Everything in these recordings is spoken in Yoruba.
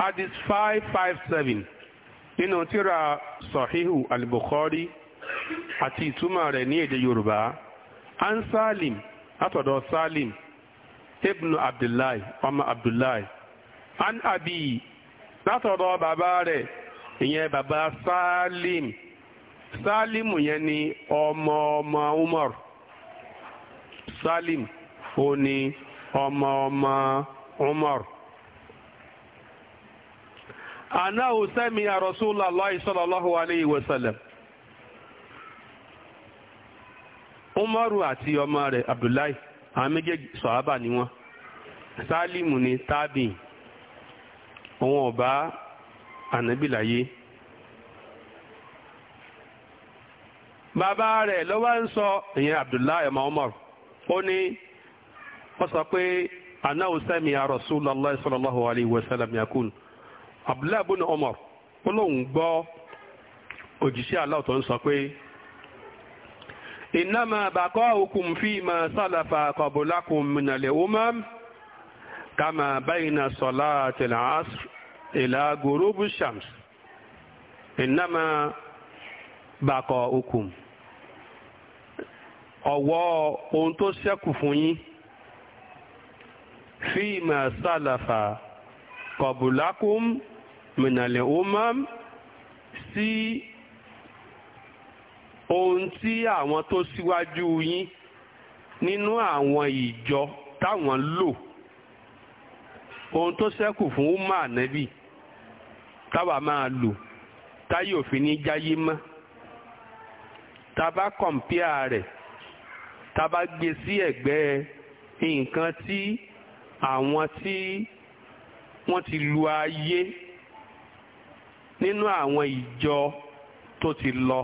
hadith five five seven nínú tíra sahihu al-bukhari àti ìtumọ̀ rẹ̀ ní èdè yorùbá an salim látọ̀dọ̀ salim ibnu abdullahi ọmọ abdullahi an abi látọ̀dọ̀ bàbá rẹ̀ ìyẹn bàbá salim salim yẹn ni ọmọ ọmọ umar salim ó ní ọmọ ọmọ umar أنه سمع رسول الله صلى الله عليه وسلم Umaru àti ọmọ Abdullahi àwọn méjèèjì sọ̀hábà ni wọ́n Sálímù ni tábì òun ọ̀bá ànábìláyé bàbá rẹ̀ ló wá sọ ìyẹn Abdullahi ọmọ Umaru ọ ní wọ́n sọ pé anáwó sẹ́mi ar-Rasulullah sallallahu alayhi wa sallam yakun abdullahi ibn Umar ó lóun gbọ́ òjíṣẹ́ Allah tó ń sọ pé innama baqa'ukum fima salafa qablakum minal umam kama bayna salatil asr ila ghurubi shams innama baqa'ukum ọ̀wọ́ ohun tó ṣẹ́kù fún yín fima salafa. Kabulakum mìnàlẹ̀ umam sí ohun tí àwọn tó síwájú yín nínú àwọn ìjọ táwọn lò ohun tó ṣẹ́kù fún umma ànábì táwa máa lò táyé òfin ní jáyé mọ́ tá a rẹ̀ tá a bá gbé sí ẹ̀gbẹ́ nǹkan tí àwọn tí wọ́n ti lu ayé nínú àwọn ìjọ tó ti lọ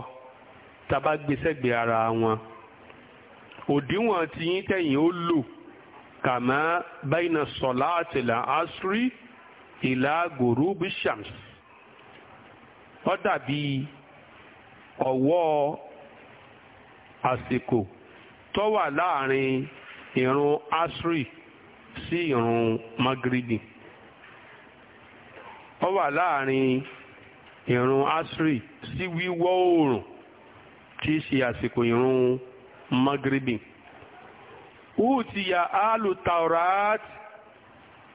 tàbá gbèsègbè ara wọn òdiwọ̀n tí yín tẹ̀yìn ó lò kàmá bẹ́yìnà sọ̀lá àtìlà asri ìlà gòrú bishams ó dàbí ọ̀wọ́ àsìkò tó wà láàrin ìrun asri sí ìrun magribi. ọ wà láàrin irun asiri sí wíwọ̀ oòrùn tí í ṣe àsìkò ìrun magribi húùtìyà alu taurat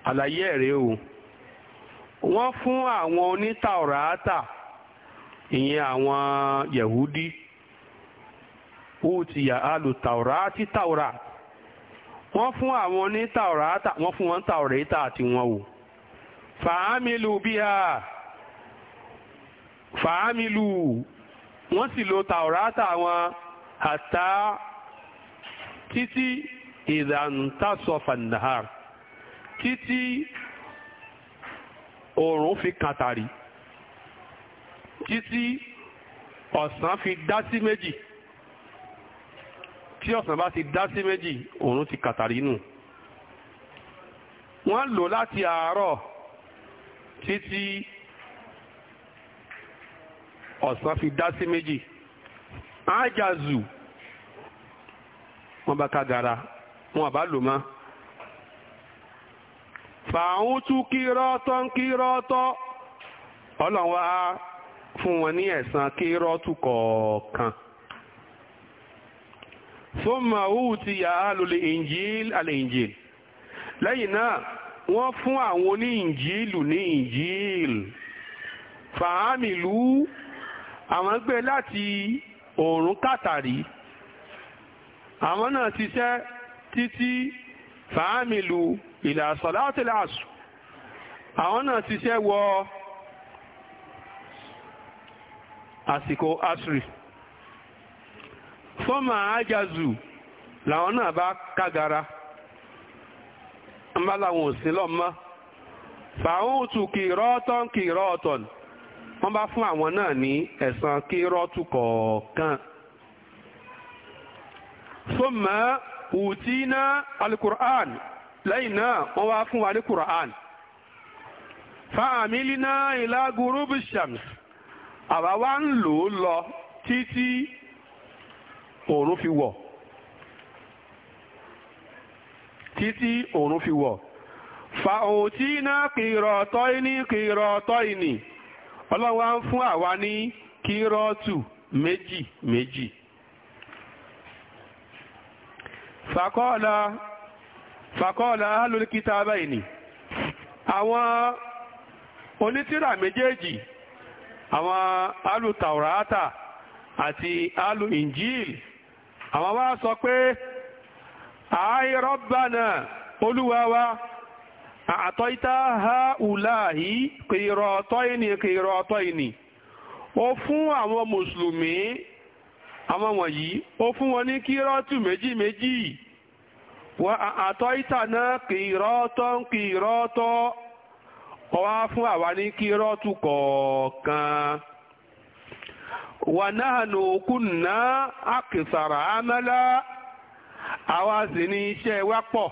alayé ẹ̀rẹ́ o wọ́n fún àwọn onítàurata ìyẹn àwọn yahudi húùtìyà alu taurati taurat wọ́n fún àwọn onítàurata wọ́n fún wọn taurata àti wọn o. fàámìlù bíhà fàámìlù wọ́n sì lo tàwọ́rátà wọn àtà títí ìdàntàsọ̀fà nàhàr títí oòrùn fi kàtàrí títí ọ̀sán fi dá sí méjì tí ọ̀sán bá ti dá sí méjì oòrùn ti kàtàrí nù wọ́n lò láti àárọ̀ títí ọ̀sán fi dá sí méjì ájàzù wọ́n bá kagara wọn àbá lò mọ́ fàáhùn tún kírọ́tọ́ kírọ́tọ́ ọlọ́run á fún wọn ní ẹ̀san kírọ́tù kọ̀ọ̀kan fún màá ti yà á lòlẹ̀ ìǹjìl àlẹ̀ lẹ́yìn náà wọ́n fún àwọn oníyìnjíìlù ní ìnjíìlù fàámìlú àwọn gbé láti òòrùn kàtàrí àwọn náà ṣiṣẹ́ títí fàámìlú ìlà sọ̀látìláṣù àwọn náà ṣiṣẹ́ wọ àsìkò asri fọ́mà ajazu làwọn náà bá kágara ọmọ làwọn ò sí lọ́mọ́ fàáhùtù kìrọ́tọ̀n kìrọ́tọ̀n wọ́n bá fún àwọn náà ní ẹ̀san kìrọ́tù kọ̀ọ̀kan. sọ́mọ́ ùtí ná alukur'an lẹ́yìn náà wọ́n wá fún wa fáàmìlì náà ìlà gurubu shams àwa ń lò ó lọ títí oòrùn fi wọ̀. títí òòrùn fi wọ̀ fa òtí náà kìrọ̀ ọ̀tọ́ ìní kìrọ̀ ọ̀tọ́ ìní ọlọ́run wá ń fún àwa ní kírọ́ọ̀tù méjì méjì fàkọ́ọ̀lá fàkọ́ọ̀lá lóríkítà báyìí ni àwọn onítìrà méjèèjì àwọn alùtàwòrátà àti alù injil àwọn wá sọ pé ààyè rọ́bànà olúwawa àtọ́ ha ùláàhí kèrò ọ̀tọ́ ìní kèrò ọ̀tọ́ ìní O fún àwọn mùsùlùmí àwọn wọ̀nyí O fún wọn ní kírọ́tù méjì méjì wọ́n àtọ́ náà kìrọ́tọ́ kìrọ́tọ́ ọwá fún àwa ní kírọ́tù kọ̀ọ̀kan wà náà àwa sì ní iṣẹ́ wa pọ̀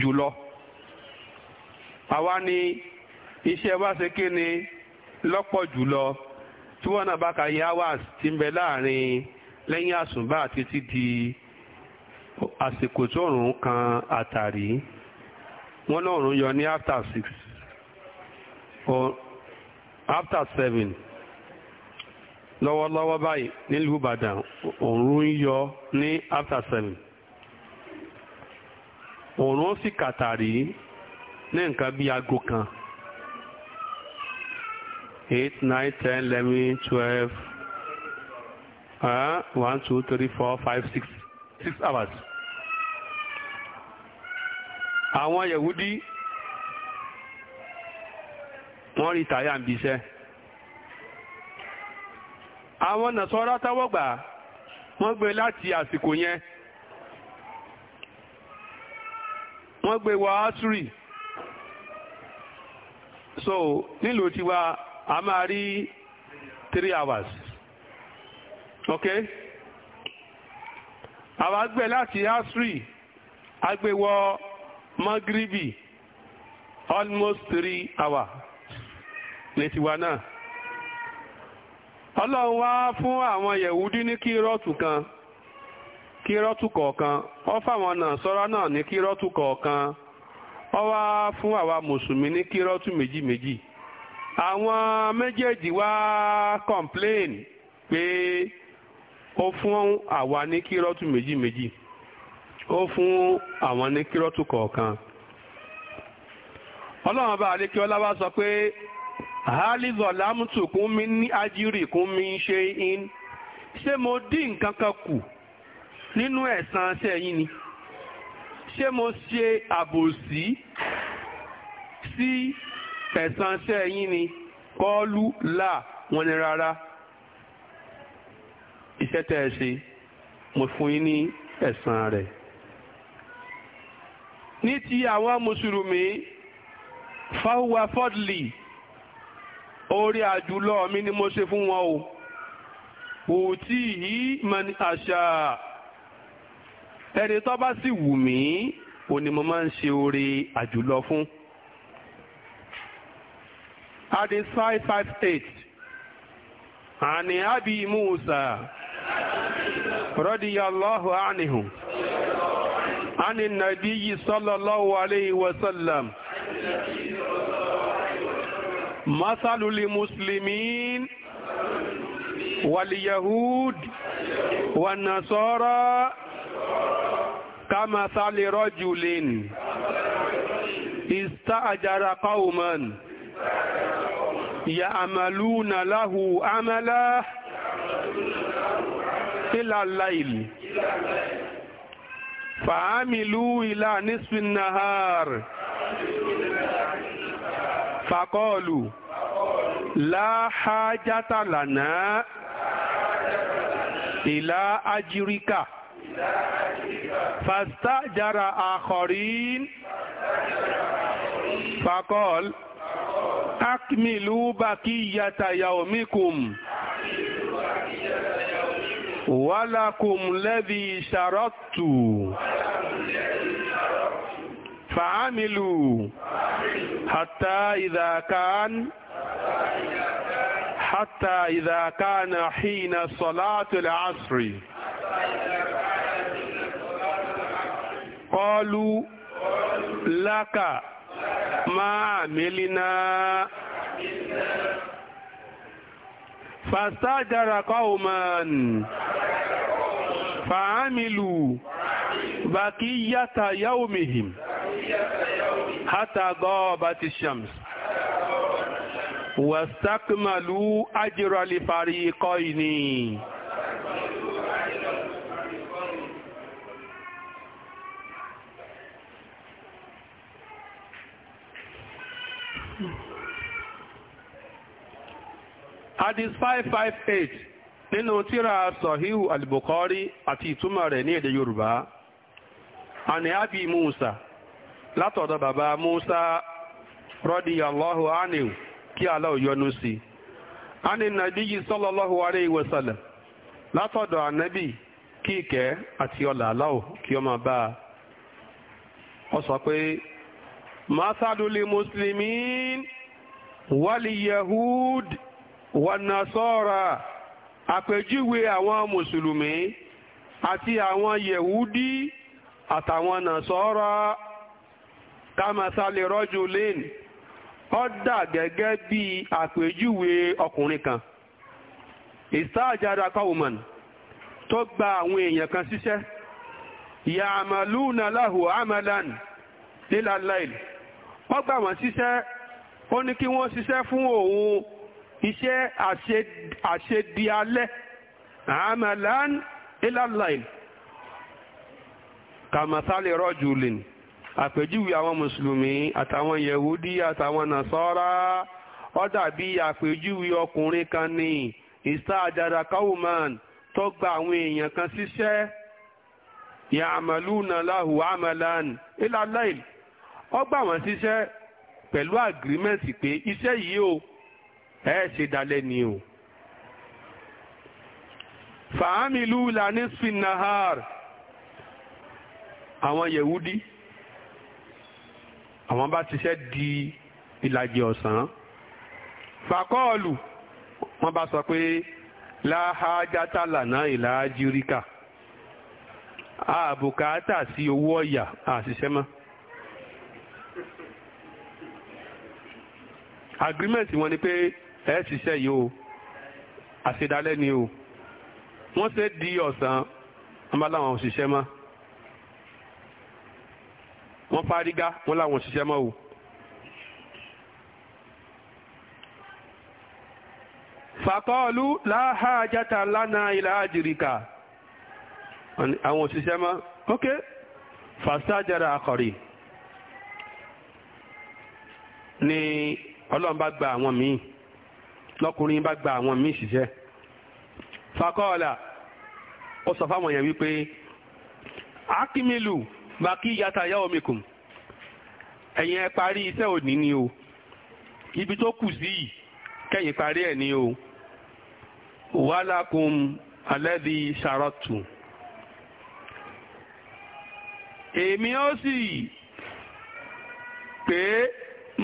jùlọ àwa ní iṣẹ́ wa ṣe kí ni lọ́pọ̀ jùlọ tí wọ́n náà bá ka yẹ hours ti ń bẹ láàrin lẹ́yìn àsùnbà títí di àsìkò tó òrùn kan àtàrí wọ́n náà òrùn yọ ní after six or after seven lọ́wọ́lọ́wọ́ báyìí nílùú Ìbàdàn òrùn yọ ní after seven. òòrùn sì kàtàrí ní nǹkan bíi aago kan eight nine ten eleven twelve uh, one two three four five six six hours. àwọn yahudi wọ́n rí tàyà ń àwọn nàṣọ́ra wọ́n gbé wá asiri so nílùú tiwa a máa rí three hours ok àwa gbé láti asiri a gbé wọ magribi almost three hours ní tiwa náà ọlọ́run wá fún àwọn yẹ̀wúdí ní kí rọ́ọ̀tù kan. kírọ́tù kọ̀ọ̀kan ọ fáwọn náà sọ́ra náà ní kírọ́tù kọ̀ọ̀kan ọ wá fún àwa mùsùlùmí ní kírọ́tù méjì méjì àwọn méjèèjì wá complain pé ó fún àwa ní kírọ́tù méjì méjì ó fún àwọn ní kírọ́tù kọ̀ọ̀kan ọlọ́run bá alẹ́ kí ọlá wá sọ pé halizọ lámùtù kún mi ní ajírì kún mi ṣe in ṣé mo dín nǹkan kan kù nínú ẹ̀san sẹ́yìn ni ṣé mo ṣe àbòsí sí ẹ̀san sẹ́yìn ni kọ́ọ́lù là wọ́n ní rárá iṣẹ́ tẹ́ ẹ ṣe mo fún yín ní ẹ̀san rẹ̀ ní ti àwọn mùsùlùmí fáwọn fọ́dìlì orí àjùlọ mi ni mo ṣe fún wọn o òtí yìí mọ ní àṣà ẹni tó bá sì wù mí ó ní mo máa ń ṣe oore àjùlọ fún. Adis five five eight àní Abi Musa radiyallahu anhu ani nabiyyi sallallahu alayhi wa sallam masalu li muslimin wal yahud wan nasara. كما ثال رجل استأجر قوما يعملون له عملا إلى الليل فعملوا إلى نصف النهار فقالوا لا حاجة لنا إلى أجرك فاستأجر آخرين فقال أكملوا بقية يومكم ولكم الذي شرطت فعملوا حتى إذا كان حتى إذا كان حين صلاة العصر kọ́ọ́lù lákà máa mílíná fàstájára kọ́ọ̀mán fàámìlù bàkíyàtà yaumihim hátàgọ́ batishams wàstákmàlú ajírọ̀lì fàrí kọ́ ìní adịs 558 ninu tira aso iwu alibokori ati ituma re niile yoruba a na ya bi musa latodo baba musa rodiyallohu a ne kiala uyonusi andi na digisola ologwu ware iwe sela latodo anabi kike ati olalaho kioma ba ọsọ pe masaduli muslimin waliyahud wanasọ́ra àpèjúwe àwọn mùsùlùmí àti àwọn yehudi àtàwọn nasọ́ra kàmásálẹ̀ rọ́jùlín ó dà gẹ́gẹ́ bí àpèjúwe ọkùnrin kan ìsáàjára kọ́wùmọ̀n tó gba àwọn èèyàn kan síṣẹ́ yàmàlúùnà láhùn amalan nílàláìlì ó gbà wọ́n síṣẹ́ ó ní kí wọ́n ṣiṣẹ́ fún òun iṣẹ́ àṣedialẹ́ amalan ilalail kàmàtàlì rọ́jùlìn àpèjúwe àwọn mùsùlùmí àtàwọn yẹ̀wúdí àtàwọn nàṣọ́rá ó dàbí àpèjúwe ọkùnrin kan ní ìsá àjàdà káwùmán tó gba àwọn èèyàn kan síṣẹ́ ya'maluna lahu amalan ilalail ó gbà wọ́n síṣẹ́ pẹ̀lú àgírímẹ̀ǹtì pé iṣẹ́ yìí o ẹ ṣe dalẹ̀ ni o. fàámìlú lani spinahar àwọn yẹ̀wúdí àwọn bá ṣiṣẹ́ di ìlàjì ọ̀sán fàkọ́ọ̀lù wọ́n bá sọ pé láhájátà lànà ìlàjì ríkà àbùkátà sí owó ọ̀yà àṣìṣẹ́ mọ́. agreement wọn ni pé ẹ ṣiṣẹ́ yìí o àṣedalẹ́ ni o wọ́n ṣe di ọ̀sán wọ́n bá láwọn òṣìṣẹ́ mọ́ wọ́n fárígá wọ́n láwọn òṣìṣẹ́ mọ́ o. fàkọ́ọ̀lù láhàájáta lánàá ilẹ̀ àjìríkà àwọn òṣìṣẹ́ mọ́ ok fàṣájára àkọ̀rí ni ọlọ́run bá gba àwọn míì lọ́kùnrin bá gba àwọn míì ṣiṣẹ́ fakọ́ọ̀là ó sọ fáwọn yẹn wípé akímìlù bá kí yàtà yá omi kùn ẹ̀yin ẹ parí iṣẹ́ òní ni o ibi tó kù sí yìí kẹ́yìn parí ẹ̀ ni o wàhálàkùn alẹ́bí ṣàròtù èmi ó sì pé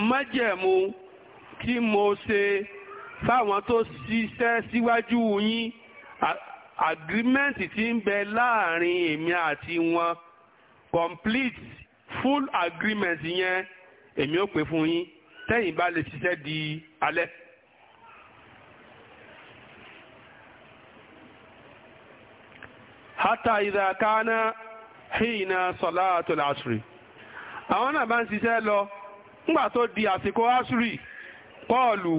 májẹ̀mú tí mo ṣe fáwọn tó ṣiṣẹ́ síwájú yín agreement tí ń bẹ láàrin èmi àti wọn complete full agreement yẹn èmi ò pè fún yín tẹ́yìn bá lè ṣiṣẹ́ di alẹ́. hata idha kana hina salatul asri àwọn náà bá ń ṣiṣẹ́ lọ nígbà tó di àsìkò asri kọ́ọ̀lù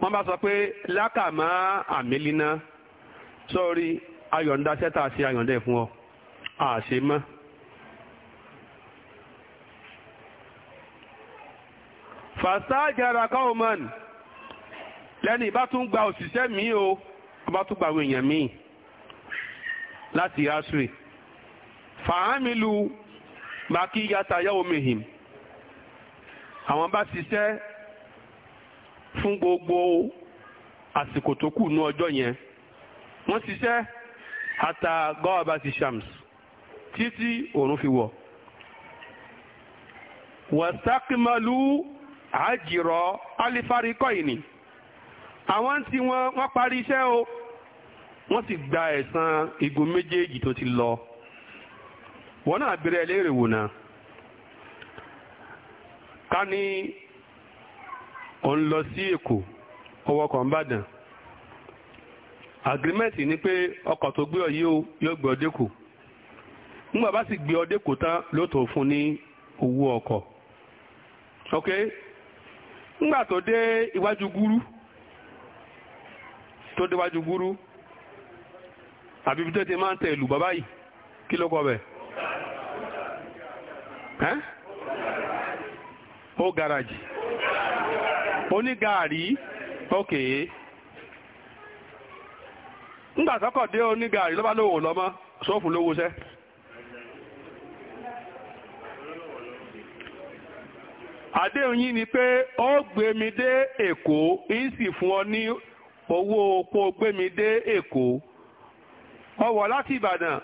wọ́n bá sọ pé lákàmá àmìlínà sọ́ọ̀rí ayọ̀ǹda sẹ́tà sí ayọ̀ǹda fún ọ àṣẹ mọ́. fàṣájára káwọ́mọ́n lẹ́ni ìbá tún gba òṣìṣẹ́ mi o ọba tún gba àwọn èèyàn mi láti asre fàámìlú màkíyàtà yàwó mihim àwọn bá ṣiṣẹ́ fún gbogbo àsìkò tó kù ní ọjọ́ yẹn wọ́n ṣiṣẹ́ ata gọ́ọ̀bá ti shams títí òòrùn fi wọ̀ wàsákìmọ́lú àjìrọ̀ alifarikọ́ ìní àwọn tí wọ́n wọ́n parí iṣẹ́ o wọ́n sì gba ẹ̀san igun méjèèjì tó ti lọ wọ́n náà bẹ̀rẹ̀ léèrè wò náà ká ní òun lọ sí èkó ọwọ́ kan bàdàn agreement ni pé ọkọ̀ tó gbé ọ yìí ó yóò gbé ọ dẹ́kọ̀ nígbà bá sì gbé ọ dẹ́kọ̀ tán ló tó fún ní owó ọkọ̀ ok nígbà tó dé iwájú gúrú tó dé iwájú gúrú àbí bí tó ti máa ń tẹ ìlú bàbá yìí kí ló kọ bẹ̀ ẹ́ ó garaajì. onígàárí ok ńgbà sọ́kọ̀ dé onígàárí ló bá lówó lọ́mọ́ sófù lówó sẹ́ àdéhùn yín ni pé ó gbé mi dé Èkó ń sì fún ọ ní owó kó gbé mi dé Èkó ó láti Ìbàdàn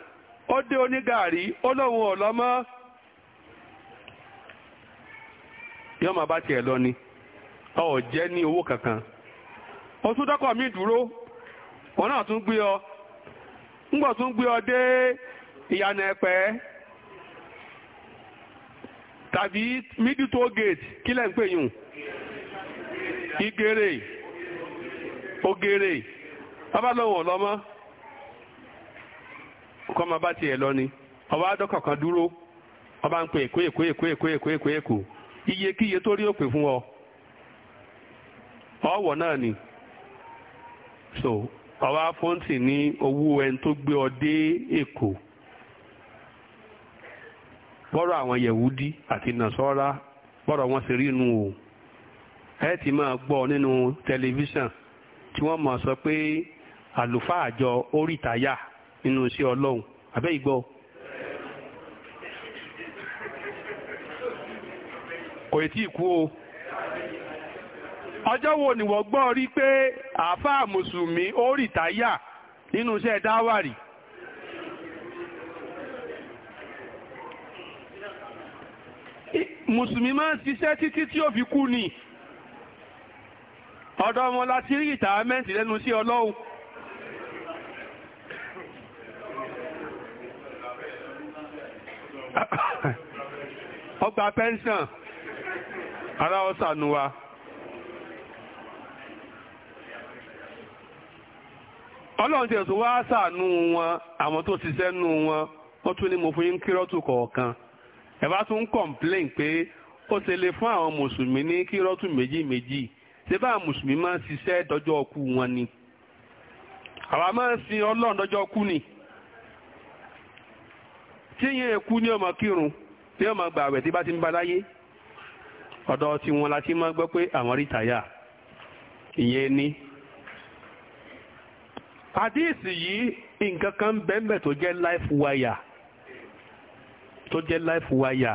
ó dé onígàárí ó lóun ò lọ́mọ́ bá tiẹ̀ lọ ni. ọ jẹ́ ní owó kankan o tún dọ́kọ̀ mi dúró wọn náà tún gbé ọ ńgbọ̀ tún gbé ọ dé ìyànà ẹ̀pẹ́ tàbí middle toll gate kí lẹ́ ń pè yùn igere ogere bàbá lọ́wọ́ lọ́mọ́ kọ́ máa bá tiẹ̀ lọ ni ọba dọ́kọ̀ kan dúró ọba ń pè èkó èkó èkó èkó èkó èkó iye tó rí òpè fún ọ. ọwọ́ náà ni so ọwọ́ afọ́ǹtì ní owó ẹni tó gbé ọ dé èkó bọ́rọ̀ àwọn yẹ̀wúdí àti nàṣọ́ra bọ́rọ̀ wọn ṣe rí inú o ẹ ti máa gbọ́ nínú tẹlifíṣàn tí wọ́n máa sọ pé àlùfáà àjọ oríìtáyà nínú iṣẹ́ ọlọ́run àbẹ́ ìgbọ́ kò tí ì kú o ọjọ́ wo ni wọ́n gbọ́ rí pé àáfàá mùsùlùmí ó rì táyà nínú iṣẹ́ dáwàrí mùsùlùmí máa ń ṣiṣẹ́ títí tí ó fi kú ni ọ̀dọ̀ wọn láti rí ìtàámẹ́ǹtì lẹ́nu sí ọlọ́run ọgbà pẹ́ńsàn ara ọ̀sànù wa. ọlọ́run tẹ̀sán wá sàánú wọn àwọn tó ṣiṣẹ́ nù wọn wọ́n tún ní mo fún yín kírọ́tù kọ̀ọ̀kan ẹ bá tún kọ̀ǹpléǹ pé ó ṣe lè fún àwọn mùsùlùmí ní kírọ́tù méjì méjì ṣé bá mùsùlùmí máa ń ṣiṣẹ́ dọjọ́ ọkú wọn ni àwa máa ń sin ọlọ́run dọjọ́ ọkú ni tí yẹn èkú ní ọmọ kírun ní ọmọ gbààwẹ̀ tí bá ti ń ba láyé ọ̀dọ̀ tiwọn la ti máa gbọ́ pé àwọn rí tàyà ìyẹn ni àdíìsì yìí nǹkan kan bẹ́ẹ̀ tó jẹ́ life wire tó jẹ́ life wire